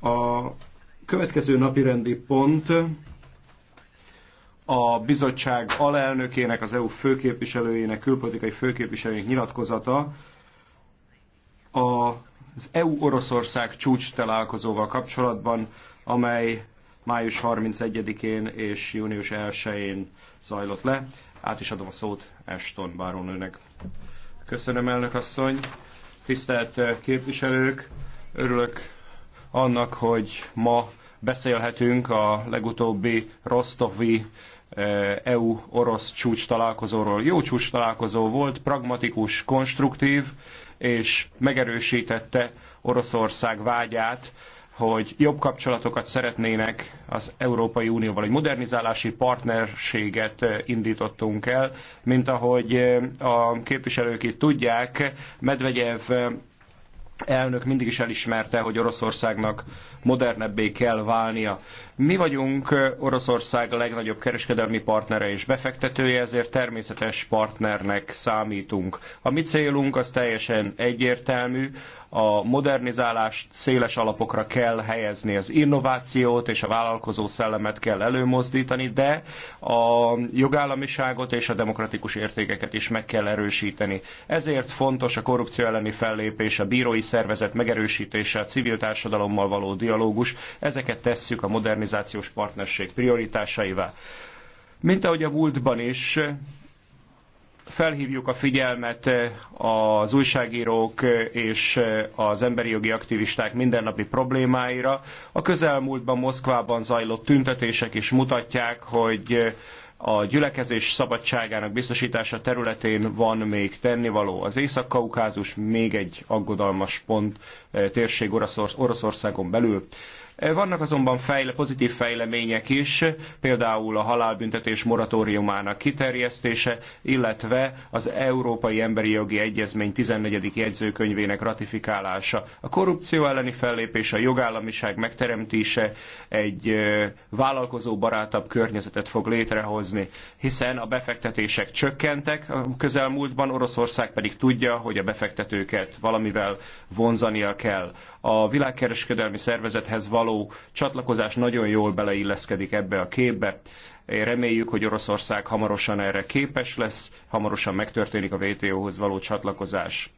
A következő napirendi pont a bizottság alelnökének, az EU főképviselőjének, külpolitikai főképviselőjének nyilatkozata az EU-Oroszország csúcs találkozóval kapcsolatban, amely május 31-én és június 1-én zajlott le. Át is adom a szót Ashton Baron Köszönöm, elnök asszony! tisztelt eh, képviselők! Örülök annak, hogy ma beszélhetünk a legutóbbi Rostovi eh, EU-orosz csúcs találkozóról. Jó csúcs találkozó volt, pragmatikus, konstruktív, és megerősítette Oroszország vágyát, hogy jobb kapcsolatokat szeretnének az Európai Unióval. Egy modernizálási partnerséget indítottunk el, mint ahogy a képviselők itt tudják, Medvegyev elnök mindig is elismerte, hogy Oroszországnak modernebbé kell válnia. Mi vagyunk Oroszország legnagyobb kereskedelmi partnere és befektetője, ezért természetes partnernek számítunk. A mi célunk az teljesen egyértelmű, a modernizálást széles alapokra kell helyezni, az innovációt és a vállalkozó szellemet kell előmozdítani, de a jogállamiságot és a demokratikus értékeket is meg kell erősíteni. Ezért fontos a korrupció elleni fellépés, a bírói szervezet megerősítése, a civil társadalommal való dialógus, ezeket tesszük a modernizálást modernizációs partnerség prioritásaivá. Mint ahogy a múltban is, felhívjuk a figyelmet az újságírók és az emberi jogi aktivisták mindennapi problémáira. A közelmúltban Moszkvában zajlott tüntetések is mutatják, hogy a gyülekezés szabadságának biztosítása területén van még tennivaló. Az Észak-Kaukázus még egy aggodalmas pont térség Oroszországon belül. Vannak azonban fejle, pozitív fejlemények is, például a halálbüntetés moratóriumának kiterjesztése, illetve az Európai Emberi Jogi Egyezmény 14. jegyzőkönyvének ratifikálása. A korrupció elleni fellépés, a jogállamiság megteremtése egy vállalkozó barátabb környezetet fog létrehozni, hiszen a befektetések csökkentek a közelmúltban, Oroszország pedig tudja, hogy a befektetőket valamivel vonzania kell. A világkereskedelmi szervezethez való csatlakozás nagyon jól beleilleszkedik ebbe a képbe. Reméljük, hogy Oroszország hamarosan erre képes lesz, hamarosan megtörténik a WTO-hoz való csatlakozás.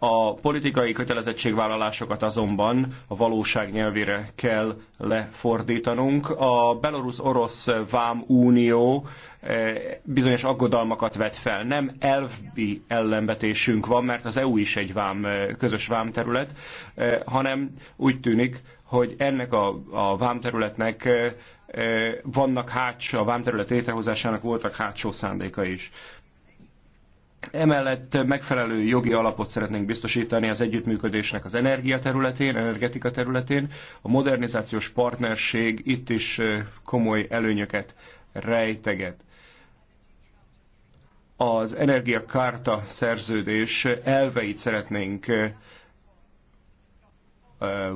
A politikai kötelezettségvállalásokat azonban a valóság nyelvére kell lefordítanunk. A belorusz-orosz vámunió eh, bizonyos aggodalmakat vet fel. Nem elvi ellenvetésünk van, mert az EU is egy vám, eh, közös vámterület, eh, hanem úgy tűnik, hogy ennek a, a vámterületnek vannak hátsó, a vámterület létrehozásának voltak hátsó szándéka is. Emellett megfelelő jogi alapot szeretnénk biztosítani az együttműködésnek az energia területén, energetika területén. A modernizációs partnerség itt is komoly előnyöket rejteget az energiakárta szerződés elveit szeretnénk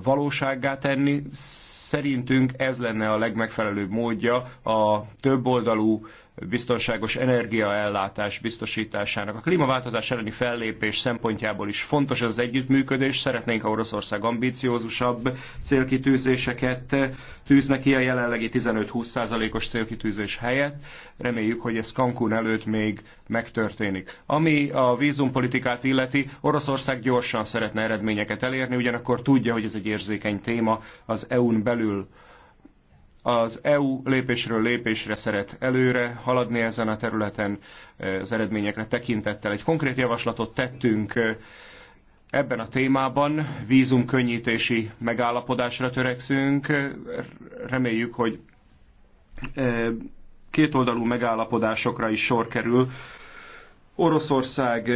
valósággá tenni. Szerintünk ez lenne a legmegfelelőbb módja a többoldalú biztonságos energiaellátás biztosításának. A klímaváltozás elleni fellépés szempontjából is fontos az együttműködés. Szeretnénk, ha Oroszország ambíciózusabb célkitűzéseket tűzne ki a jelenlegi 15-20%-os célkitűzés helyett. Reméljük, hogy ez Cancún előtt még megtörténik. Ami a vízumpolitikát illeti, Oroszország gyorsan szeretne eredményeket elérni, ugyanakkor tudja, hogy ez egy érzékeny téma az EU-n belül az EU lépésről lépésre szeret előre haladni ezen a területen az eredményekre tekintettel. Egy konkrét javaslatot tettünk ebben a témában, vízumkönnyítési megállapodásra törekszünk. Reméljük, hogy kétoldalú megállapodásokra is sor kerül. Oroszország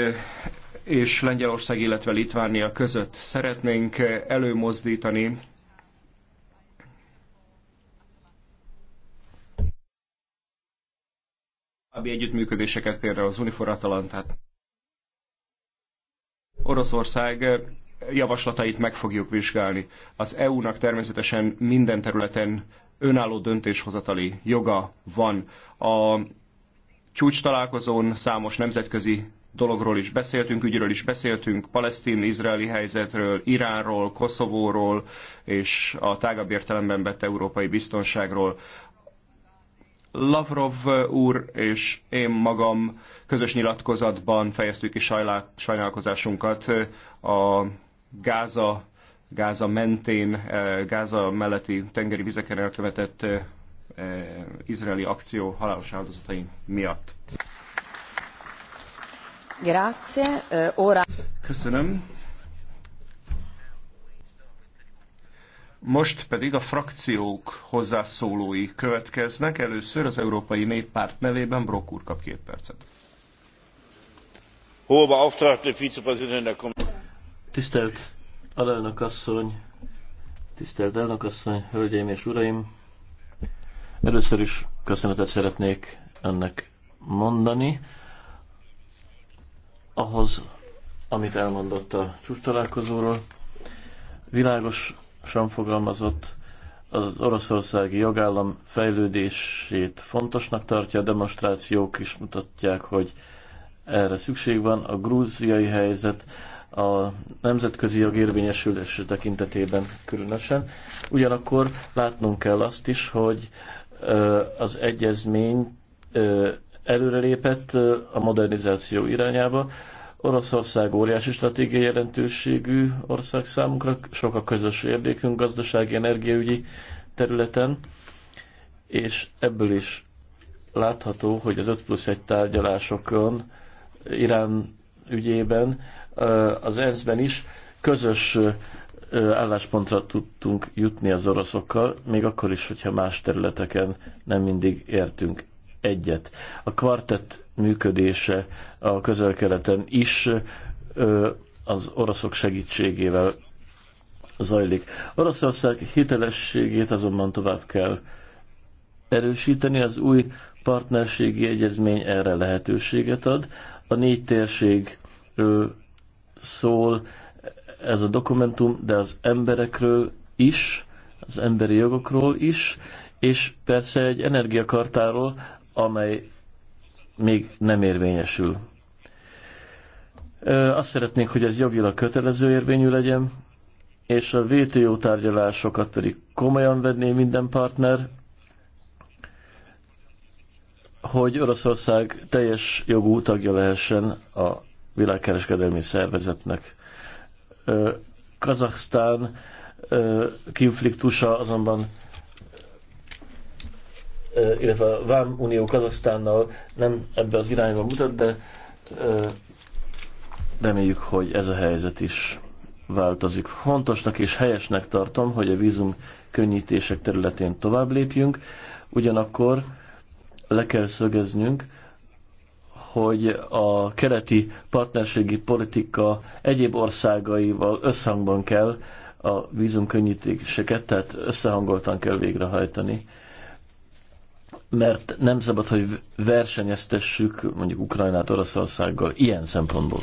és Lengyelország, illetve Litvánia között szeretnénk előmozdítani további együttműködéseket, például az Unifor Atalantát. Oroszország javaslatait meg fogjuk vizsgálni. Az EU-nak természetesen minden területen önálló döntéshozatali joga van. A csúcs találkozón számos nemzetközi dologról is beszéltünk, ügyről is beszéltünk, palesztin-izraeli helyzetről, Iránról, Koszovóról és a tágabb értelemben vett európai biztonságról. Lavrov úr és én magam közös nyilatkozatban fejeztük ki sajnálkozásunkat a Gáza, Gáza mentén, Gáza melletti tengeri vizeken elkövetett izraeli akció halálos áldozatai miatt. Grazie. Ora... Köszönöm. Most pedig a frakciók hozzászólói következnek. Először az Európai Néppárt nevében Brok úr kap két percet. Tisztelt alelnök asszony, tisztelt elnök asszony, hölgyeim és uraim! Először is köszönetet szeretnék ennek mondani. Ahhoz, amit elmondott a csúcs találkozóról, világos sem fogalmazott, az oroszországi jogállam fejlődését fontosnak tartja, a demonstrációk is mutatják, hogy erre szükség van. A grúziai helyzet a nemzetközi jog érvényesülése tekintetében különösen. Ugyanakkor látnunk kell azt is, hogy az egyezmény előrelépett a modernizáció irányába, Oroszország óriási stratégiai jelentőségű ország számunkra, sok a közös érdékünk gazdasági, energiaügyi területen, és ebből is látható, hogy az 5 plusz 1 tárgyalásokon Irán ügyében az ENSZ-ben is közös álláspontra tudtunk jutni az oroszokkal, még akkor is, hogyha más területeken nem mindig értünk egyet. A kvartett működése a közel-keleten is az oroszok segítségével zajlik. Oroszország hitelességét azonban tovább kell erősíteni, az új partnerségi egyezmény erre lehetőséget ad. A négy térség szól ez a dokumentum, de az emberekről is, az emberi jogokról is, és persze egy energiakartáról, amely még nem érvényesül. Azt szeretnénk, hogy ez jogilag kötelező érvényű legyen, és a VTO tárgyalásokat pedig komolyan venné minden partner, hogy Oroszország teljes jogú tagja lehessen a világkereskedelmi szervezetnek. Kazaksztán konfliktusa azonban illetve a Vám Unió Kazasztánnal nem ebbe az irányba mutat, de reméljük, hogy ez a helyzet is változik. Fontosnak és helyesnek tartom, hogy a vízum könnyítések területén tovább lépjünk, ugyanakkor le kell szögeznünk, hogy a keleti partnerségi politika egyéb országaival összhangban kell a vízumkönnyítéseket, tehát összehangoltan kell végrehajtani mert nem szabad, hogy versenyeztessük mondjuk Ukrajnát Oroszországgal ilyen szempontból.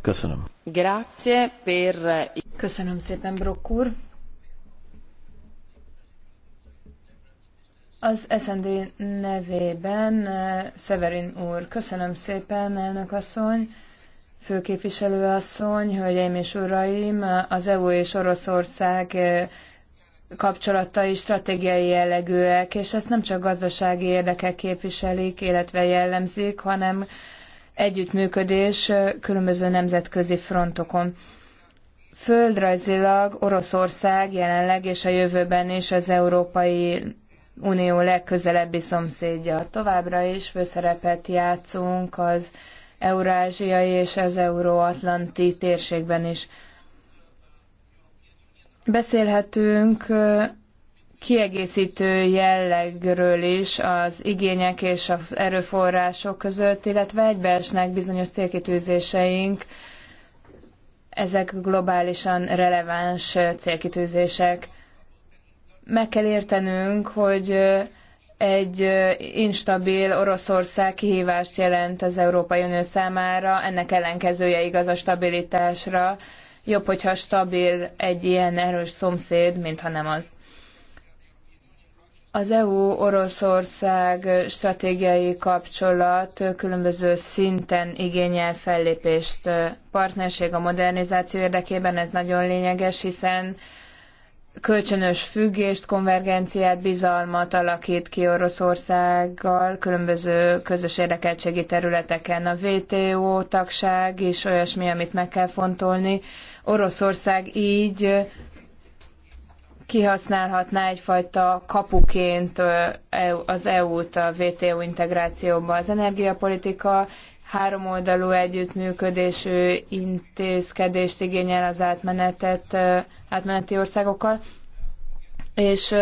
Köszönöm. Grazie per... Köszönöm szépen, Brock úr. Az SND nevében eh, Severin úr, köszönöm szépen, elnök asszony, főképviselő asszony, hölgyeim és uraim, az EU és Oroszország eh, kapcsolatai stratégiai jellegűek, és ezt nem csak gazdasági érdekek képviselik, illetve jellemzik, hanem együttműködés különböző nemzetközi frontokon. Földrajzilag Oroszország jelenleg és a jövőben is az Európai Unió legközelebbi szomszédja. Továbbra is főszerepet játszunk az eurázsiai és az euróatlanti térségben is. Beszélhetünk kiegészítő jellegről is az igények és az erőforrások között, illetve egybeesnek bizonyos célkitűzéseink, ezek globálisan releváns célkitűzések. Meg kell értenünk, hogy egy instabil Oroszország kihívást jelent az Európai Unió számára, ennek ellenkezője igaz a stabilitásra, Jobb, hogyha stabil egy ilyen erős szomszéd, mint ha nem az. Az EU-Oroszország stratégiai kapcsolat különböző szinten igényel fellépést. Partnerség a modernizáció érdekében ez nagyon lényeges, hiszen kölcsönös függést, konvergenciát, bizalmat alakít ki Oroszországgal különböző közös érdekeltségi területeken. A WTO tagság is olyasmi, amit meg kell fontolni. Oroszország így kihasználhatná egyfajta kapuként az EU-t a WTO integrációba. Az energiapolitika háromoldalú együttműködésű intézkedést igényel az átmenetet, átmeneti országokkal, és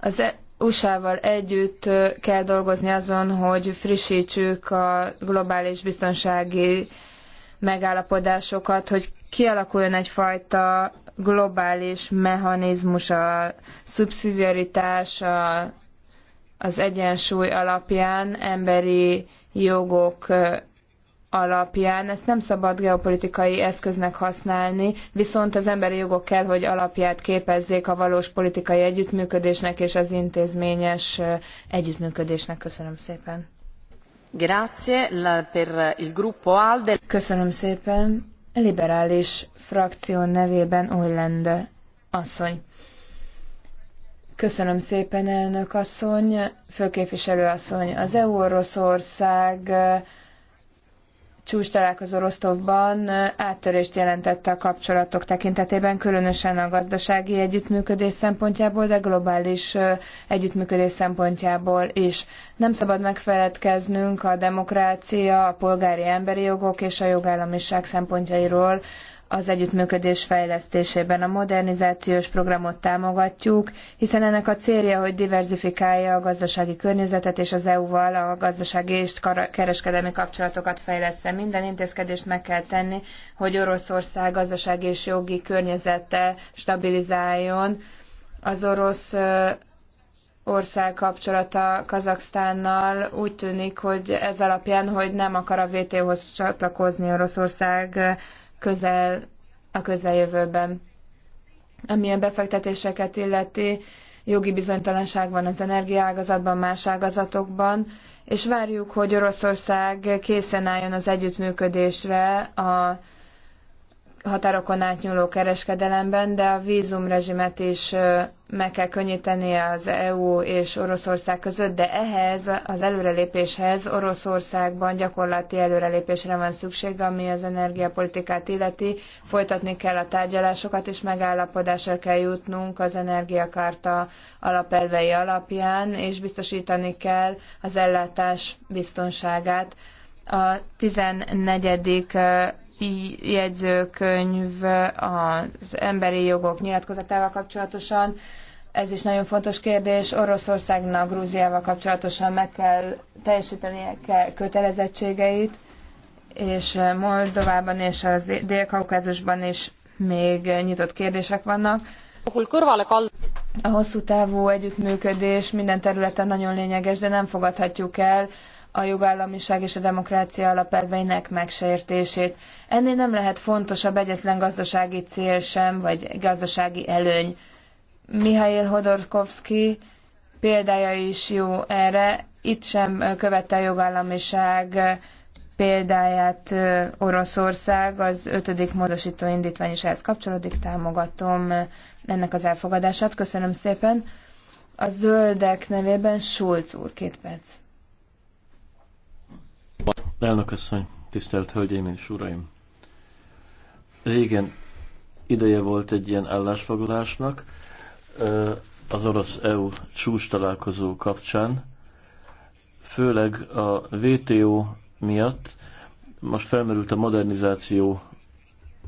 az e- USA-val együtt kell dolgozni azon, hogy frissítsük a globális biztonsági megállapodásokat, hogy kialakuljon egyfajta globális mechanizmus a szubszidiaritás, a, az egyensúly alapján, emberi jogok alapján. Ezt nem szabad geopolitikai eszköznek használni, viszont az emberi jogok kell, hogy alapját képezzék a valós politikai együttműködésnek és az intézményes együttműködésnek. Köszönöm szépen. Grazie per il gruppo ALDE. Köszönöm szépen liberális frakció nevében Újlende asszony. Köszönöm szépen, elnök asszony, főképviselő asszony. Az EU-Oroszország csúcs találkozó Rostovban áttörést jelentette a kapcsolatok tekintetében, különösen a gazdasági együttműködés szempontjából, de globális együttműködés szempontjából is. Nem szabad megfeledkeznünk a demokrácia, a polgári emberi jogok és a jogállamiság szempontjairól az együttműködés fejlesztésében. A modernizációs programot támogatjuk, hiszen ennek a célja, hogy diverzifikálja a gazdasági környezetet és az EU-val a gazdasági és kereskedelmi kapcsolatokat fejleszte. Minden intézkedést meg kell tenni, hogy Oroszország gazdasági és jogi környezete stabilizáljon. Az orosz ország kapcsolata Kazaksztánnal úgy tűnik, hogy ez alapján, hogy nem akar a WTO-hoz csatlakozni Oroszország közel a közeljövőben. Ami a befektetéseket illeti, jogi bizonytalanság van az energiaágazatban, más ágazatokban, és várjuk, hogy Oroszország készen álljon az együttműködésre a határokon átnyúló kereskedelemben, de a vízumrezsimet is meg kell könnyíteni az EU és Oroszország között, de ehhez, az előrelépéshez Oroszországban gyakorlati előrelépésre van szükség, ami az energiapolitikát illeti. Folytatni kell a tárgyalásokat, és megállapodásra kell jutnunk az energiakárta alapelvei alapján, és biztosítani kell az ellátás biztonságát. A 14 jegyzőkönyv az emberi jogok nyilatkozatával kapcsolatosan. Ez is nagyon fontos kérdés. Oroszországnak Grúziával kapcsolatosan meg kell teljesítenie kötelezettségeit, és Moldovában és az Dél-Kaukázusban is még nyitott kérdések vannak. A hosszú távú együttműködés minden területen nagyon lényeges, de nem fogadhatjuk el, a jogállamiság és a demokrácia alapelveinek megsértését. Ennél nem lehet fontosabb egyetlen gazdasági cél sem, vagy gazdasági előny. Mihail Hodorkovsky példája is jó erre. Itt sem követte a jogállamiság példáját Oroszország, az ötödik módosító indítvány is ehhez kapcsolódik, támogatom ennek az elfogadását. Köszönöm szépen. A zöldek nevében Schulz úr, két perc. Elnök asszony, tisztelt Hölgyeim és Uraim! Régen ideje volt egy ilyen állásfoglalásnak az orosz-EU csúcs találkozó kapcsán, főleg a WTO miatt most felmerült a modernizáció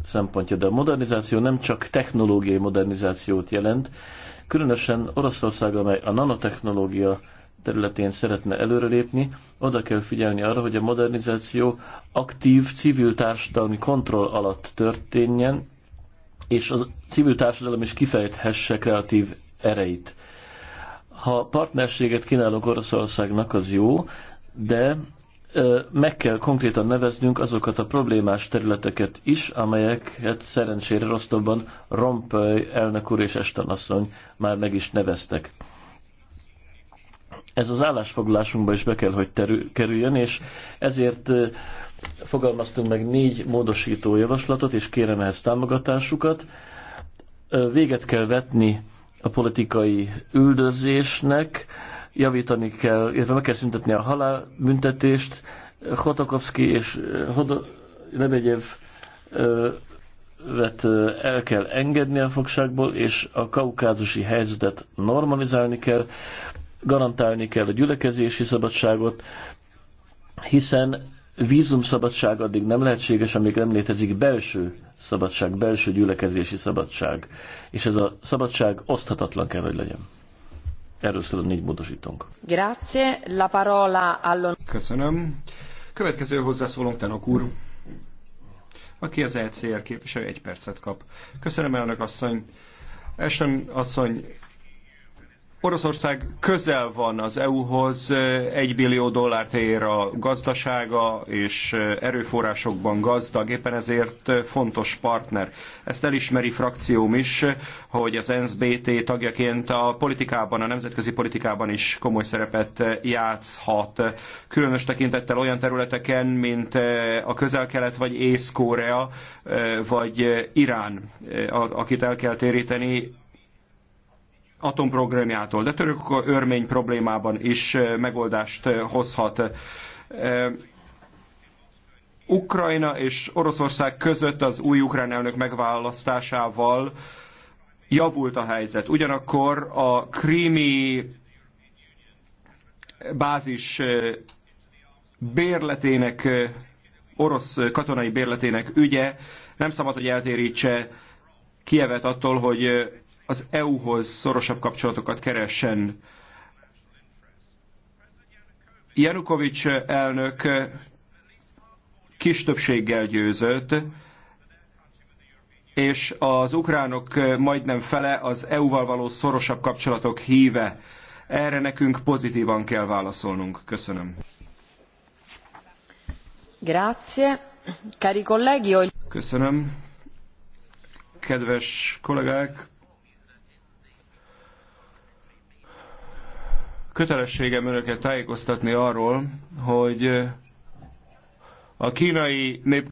szempontja, de a modernizáció nem csak technológiai modernizációt jelent, különösen Oroszország, amely a nanotechnológia területén szeretne előrelépni, oda kell figyelni arra, hogy a modernizáció aktív civil társadalmi kontroll alatt történjen, és a civil társadalom is kifejthesse kreatív ereit. Ha partnerséget kínálok Oroszországnak, az jó, de meg kell konkrétan neveznünk azokat a problémás területeket is, amelyeket szerencsére Rostovban Rompöly elnök úr és Estanasszony már meg is neveztek. Ez az állásfoglalásunkba is be kell, hogy terül, kerüljön, és ezért fogalmaztunk meg négy módosító javaslatot, és kérem ehhez támogatásukat. Véget kell vetni a politikai üldözésnek, javítani kell, illetve meg kell szüntetni a halálbüntetést. Hotokovsky és Hodo, Lebegyev vet el kell engedni a fogságból, és a kaukázusi helyzetet normalizálni kell garantálni kell a gyülekezési szabadságot, hiszen vízumszabadság addig nem lehetséges, amíg nem létezik belső szabadság, belső gyülekezési szabadság. És ez a szabadság oszthatatlan kell, hogy legyen. Erről szól a négy módosítónk. Grazie, la parola allon... Köszönöm. Következő hozzászólónk Tenok úr, aki az ECR képviselő egy percet kap. Köszönöm, elnök asszony. Esen asszony, Oroszország közel van az EU-hoz, egy billió dollárt ér a gazdasága, és erőforrásokban gazdag, éppen ezért fontos partner. Ezt elismeri frakcióm is, hogy az ENSZ-BT tagjaként a politikában, a nemzetközi politikában is komoly szerepet játszhat. Különös tekintettel olyan területeken, mint a közel-kelet, vagy Észak-Korea, vagy Irán, akit el kell téríteni, atomprogramjától, de török örmény problémában is megoldást hozhat. Ukrajna és Oroszország között az új ukrán elnök megválasztásával javult a helyzet. Ugyanakkor a krími bázis bérletének, orosz katonai bérletének ügye nem szabad, hogy eltérítse Kievet attól, hogy az EU-hoz szorosabb kapcsolatokat keressen. Janukovics elnök kis többséggel győzött, és az ukránok majdnem fele az EU-val való szorosabb kapcsolatok híve. Erre nekünk pozitívan kell válaszolnunk. Köszönöm. Grazie. Cari colleghi, Köszönöm. Kedves kollégák, kötelességem önöket tájékoztatni arról, hogy a kínai nép